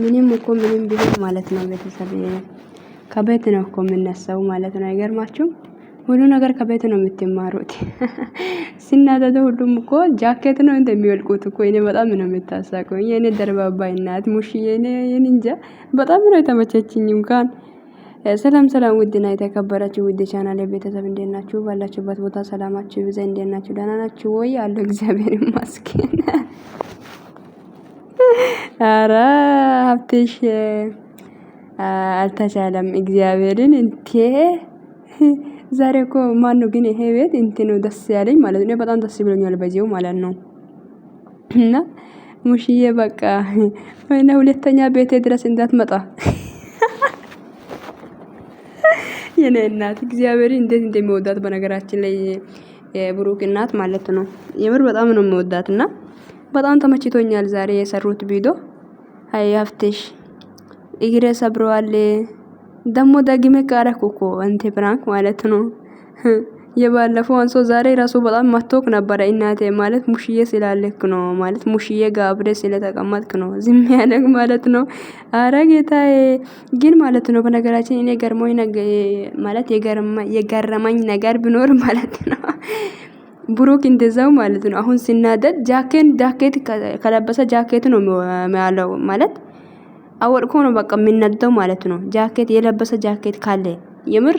ምንም እኮ ምንም ቢሆን ማለት ነው ቤተሰብ ከቤት ነው እኮ የምነሳው ማለት ነው። አይገርማችሁም? ሁሉ ነገር ከቤት ነው የምትማሩት። ሲናደዱ ሁሉም እኮ ጃኬት ነው እንደሚወልቁት እኮ እኔ በጣም ነው የምታሳቀኝ። የኔ ደርባባ እናት ሙሽ የኔ እንጃ በጣም ነው የተመቸችኝ። እንኳን ሰላም ሰላም፣ ውድና የተከበራችሁ ውድ ቻናል ቤተሰብ እንዴት ናችሁ? ባላችሁበት ቦታ ሰላማችሁ ይብዛ። እንዴት ናችሁ? ደህና ናችሁ ወይ? አለሁ እግዚአብሔር ይመስገን። አረ ሀብትሽ አልተቻለም። እግዚአብሔርን እንቴ ዛሬ እኮ ማነው ግን ይሄ ቤት እንቴ ነው ደስ ያለኝ ማለት ነው። በጣም ደስ ብሎኛል በዚሁ ማለት ነው። እና ሙሽዬ በቃ ወይና ሁለተኛ ቤቴ ድረስ እንዳትመጣ የኔ እናት እግዚአብሔር እንዴት እንደሚወዳት በነገራችን ላይ የብሩክ እናት ማለት ነው። የምር በጣም ነው የሚወዳትና በጣም ተመችቶኛል ዛሬ የሰሩት ቪዲዮ። አይ ሀፍትሽ እግረ ሰብረዋል። ደሞ ደግሜ ቃረኩ እኮ አንተ ፕራንክ ማለት ነው። የባለፈው አንሶ ዛሬ ራሱ በጣም ማቶክ ነበረ። እናቴ ማለት ሙሽዬ ስላለክ ነው ማለት ሙሽዬ ጋብሬ ስለተቀመጥክ ነው ዝም ያለክ ማለት ነው። አረ ጌታዬ ግን ማለት ነው። በነገራችን እኔ ገርሞኝ ማለት የገረመኝ ነገር ቢኖር ማለት ነው ብሩክ እንደዛው ማለት ነው። አሁን ሲናደድ ጃኬን ጃኬት ከለበሰ ጃኬት ነው ያለው ማለት አወልኮ ነው በቃ የሚናደው ማለት ነው። ጃኬት የለበሰ ጃኬት ካለ የምር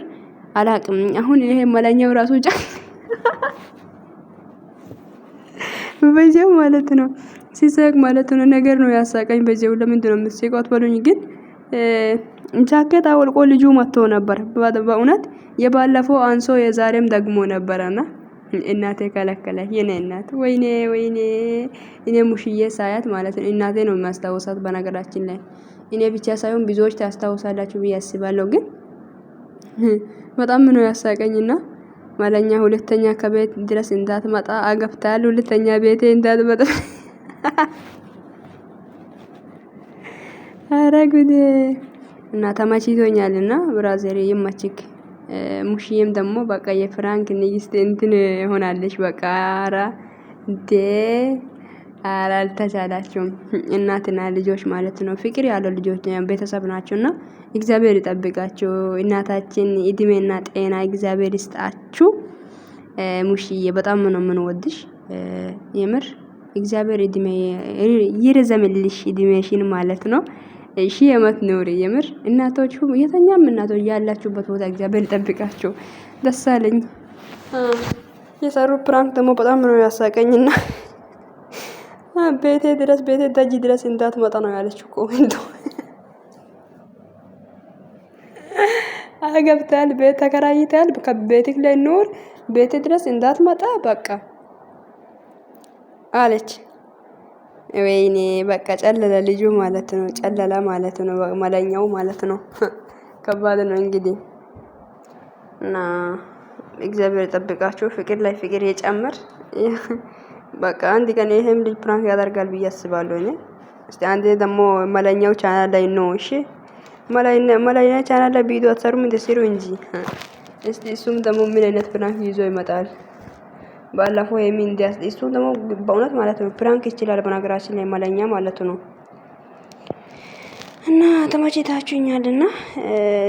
አላቅም። አሁን ይሄ መለኛው ራሱ ጫ በዚያው ማለት ነው ሲሰቅ ማለት ነው ነገር ነው ያሳቀኝ። በዚያው ለምንድን ነው የምትስቀው አትበሉኝ ግን ጃኬት አወልቆ ልጁ መጥቶ ነበር። በእውነት የባለፈው አንሶ የዛሬም ደግሞ ነበረና እናቴ ከለከለ የኔ እናት ወይኔ ወይኔ እኔ ሙሽዬ ሳያት ማለት ነው እናቴ ነው የሚያስታውሳት። በነገራችን ላይ እኔ ብቻ ሳይሆን ብዙዎች ታስታውሳላችሁ ብዬ አስባለሁ። ግን በጣም ነው ያሳቀኝና ማለኛ ሁለተኛ ከቤት ድረስ እንዳትመጣ አገፍታል ሁለተኛ ቤቴ እንዳትመጣ። አረ ጉዴ እና ተመችቶኛልና ብራዘር ይመችክ። ሙሽዬም ደግሞ በቃ የፍራንክ ንግስት እንትን ሆናለች። በቃ አራ እንዴ አላልተቻላቸውም። እናትና ልጆች ማለት ነው ፍቅር ያለው ልጆች ቤተሰብ ናቸው እና እግዚአብሔር ይጠብቃቸው። እናታችን እድሜና ጤና እግዚአብሔር ይስጣችሁ። ሙሽዬ በጣም ነው የምንወድሽ። የምር እግዚአብሔር እድሜ ይረዘምልሽ እድሜሽን ማለት ነው። ሺ ዓመት ኖሪ። የምር እናቶች ሁሉ የተኛም እናቶች ያላችሁበት ቦታ እግዚአብሔር ይጠብቃችሁ። ደሳለኝ የሰሩ ፕራንክ ደግሞ በጣም ነው ያሳቀኝና ቤቴ ድረስ ቤቴ ደጅ ድረስ እንዳትመጣ ነው ያለችው እኮ እንዶ አገብታል ቤት ተከራይታል። ከቤትክ ላይ ኖር ቤቴ ድረስ እንዳትመጣ በቃ አለች። ወይኔ በቃ ጨለለ ልጁ ማለት ነው። ጨለለ ማለት ነው። መለኛው ማለት ነው። ከባድ ነው እንግዲህ እና እግዚአብሔር ጠብቃችሁ። ፍቅር ላይ ፍቅር የጨምር በቃ አንድ ቀን ይሄም ልጅ ፕራንክ ያደርጋል ብዬ አስባለሁ እኔ። እስቲ አንዴ ደግሞ መለኛው ቻናል ላይ ነው። እሺ መለኛ ቻናል ላይ ቪዲዮ አትሰሩም እንደ ሲሉ እንጂ እስቲ እሱም ደግሞ ምን አይነት ፕራንክ ይዞ ይመጣል። ባለፈው ሀይሚ እንዲያስ እሱ ደግሞ በእውነት ማለት ነው ፕራንክ ይችላል። በነገራችን ላይ መለኛ ማለት ነው እና ተመችታችሁኛል እና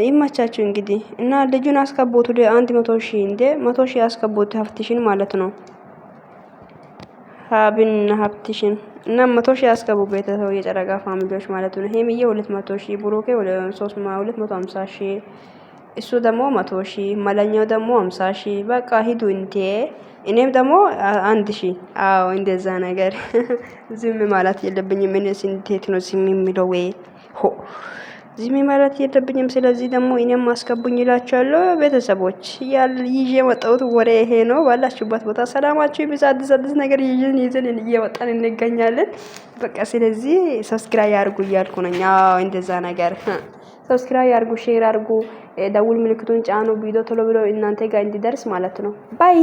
ይመቻችሁ እንግዲህ እና ልጁን አስከቦት ወደ አንድ መቶ ሺህ እንደ መቶ ሺህ አስከቦቱ ሀብትሽን ማለት ነው ሀብን ሀብትሽን እና መቶ ሺህ አስገቡ ቤተሰብ የጨረቃ ፋሚሊዎች ማለት ነው። ሀይሚዬ ሁለት መቶ ሺህ ብሩኬ ሁለት መቶ ሀምሳ ሺህ እሱ ደግሞ መቶ ሺህ መለኛው ደግሞ ሀምሳ ሺህ በቃ ሂዱ እንዴ። እኔም ደግሞ አንድ ሺ አዎ እንደዛ ነገር ዝም ማለት የለብኝም። እኔ ስንቴት ነው ዝም የሚለው ወይ ሆ ዝም ማለት የለብኝም። ስለዚህ ደግሞ እኔም አስገቡኝ እላችኋለሁ። ቤተሰቦች ያል ይዤ የመጣሁት ወሬ ይሄ ነው። ባላችሁበት ቦታ ሰላማችሁ ይብዛ። አዲስ አዲስ ነገር ይዤን ይዘን እየወጣን እንገኛለን። በቃ ስለዚህ ሰብስክራይብ አድርጉ እያልኩ ነኝ። አዎ እንደዛ ነገር ሰብስክራይብ አድርጉ፣ ሼር አርጉ ደውል ምልክቱን ጫኑ። ቪዲዮ ቶሎ ብሎ እናንተ ጋር እንዲደርስ ማለት ነው። ባይ